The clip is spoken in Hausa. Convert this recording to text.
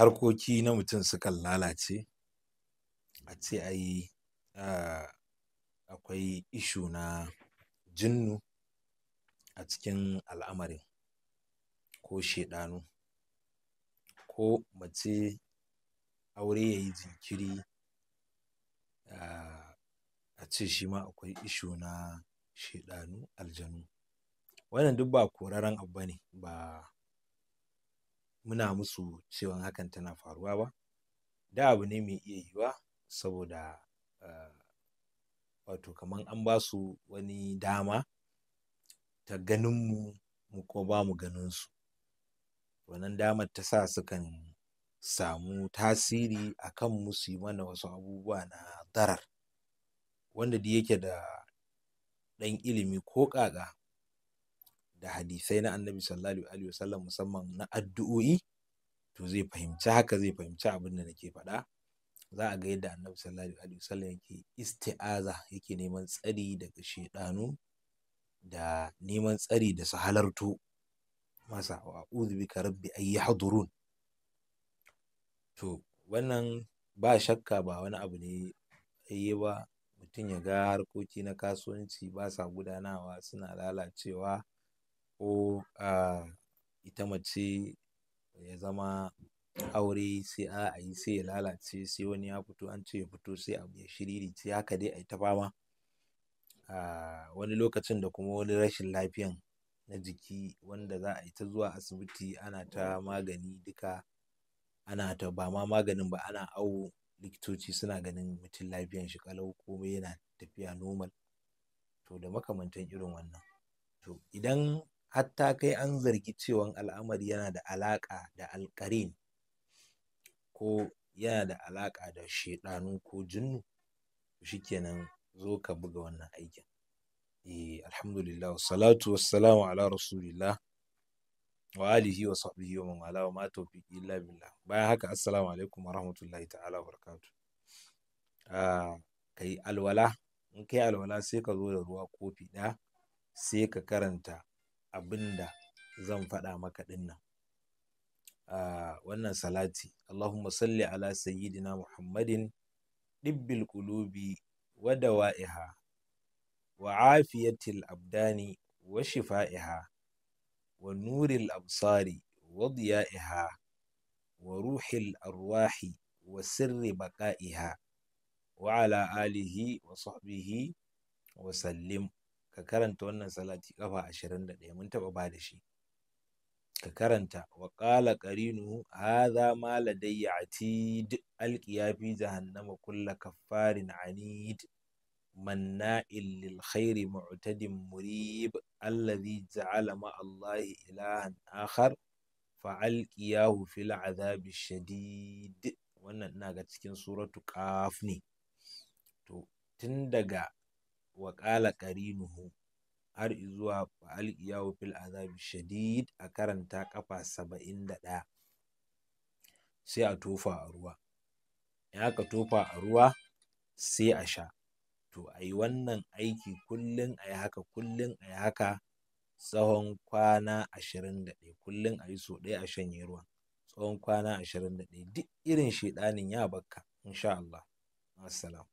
harkoki na mutum sukan lalace a ce yi ah, akwai ishu na jinnu a cikin al'amarin ko shaidanu ko mace aure ya yi jinkiri a ah, ce shi ma akwai ishu na shaidanu aljanu wannan duk ba koraren abu ba ne ba muna musu cewa hakan tana faruwa ba da abu ne mai iya yiwa saboda ah, wato kamar an ba su wani dama ta ganin mu mu ko ba mu ganin su wannan damar ta sa sukan samu tasiri a kan mu su yi mana wasu abubuwa na darar wanda da yake da ɗan ilimi ko ƙaƙa da hadisai na annabi sallallahu alaihi wasallam musamman na addu'o'i to zai fahimci haka zai fahimci abin da nake faɗa za a ga yadda annabi sallallahu alaihi wasallam yake isti'aza yake neman tsari daga shedanu da neman tsari da su halarto masa wa a'udhu bika rabbi ay yahdurun to wannan ba shakka ba wani abu ne yayi ba mutum ya ga harkoki na kasuwanci ba sa gudanawa suna lalacewa ko a ita mace ya zama aure sai a a yi sai ya lalace sai wani ya fito an ce ya fito sai abu ya shiririci haka dai a yi ta fama a wani lokacin da kuma wani rashin lafiyan na jiki wanda za a yi ta zuwa asibiti ana ta magani duka ana ta ba ma maganin ba ana awo likitoci suna ganin mutum lafiyan shi kalau komai yana tafiya normal to da makamantan irin wannan to idan hatta kai an zargi cewan al'amari yana da alaƙa da alƙarin ko yana da alaƙa da shaiɗanu ko jinnu shikenan zo ka buga wannan aikin eh alhamdulillah salatu wassalamu ala rasulillah wa alihi wa sahbihi wa man wa ma tawfiqi illa billah bayan haka assalamu alaikum wa rahmatullahi ta'ala wa barakatuh ah kai alwala in kai alwala sai ka zo da ruwa kofi ɗaya sai ka karanta abin da zan faɗa maka ɗin nan wannan salati Allahumma salli ala sayyidina Muhammadin ɗibbil ƙulubi wa dawa'iha wa afiyatil abdani wa shifa'iha wa nuril absari wa diya'iha wa ruhil arwahi wa sirri baqa'iha wa ala alihi wa sahbihi wa sallim ka karanta wannan salati kafa ashirin da ɗaya mun taɓa ba da shi ka karanta wa ƙala ƙarinu hadha ma ladayya atid alƙiyafi jahannama kulla kaffarin anid manna'in lil khairi mu'tadin murib alladhi ja'ala ma allahi ilahan akhar alqiyahu fil azabi shadid wannan ina ga cikin suratu qaf ne to tun daga Waƙala ƙala ƙarinuhu har izuwa fa'alƙiyahu fil azabi shadid a karanta ƙafa saba'in da ɗaya sai a tofa a ruwa Ya ka tofa a ruwa sai a sha to a yi wannan aiki kullum a yi haka kullum a yi haka tsawon kwana ashirin da ɗaya kullum a yi so ɗaya a shanye ruwan tsawon kwana ashirin da ɗaya duk irin shaiɗanin ya bakka insha Allah assalamu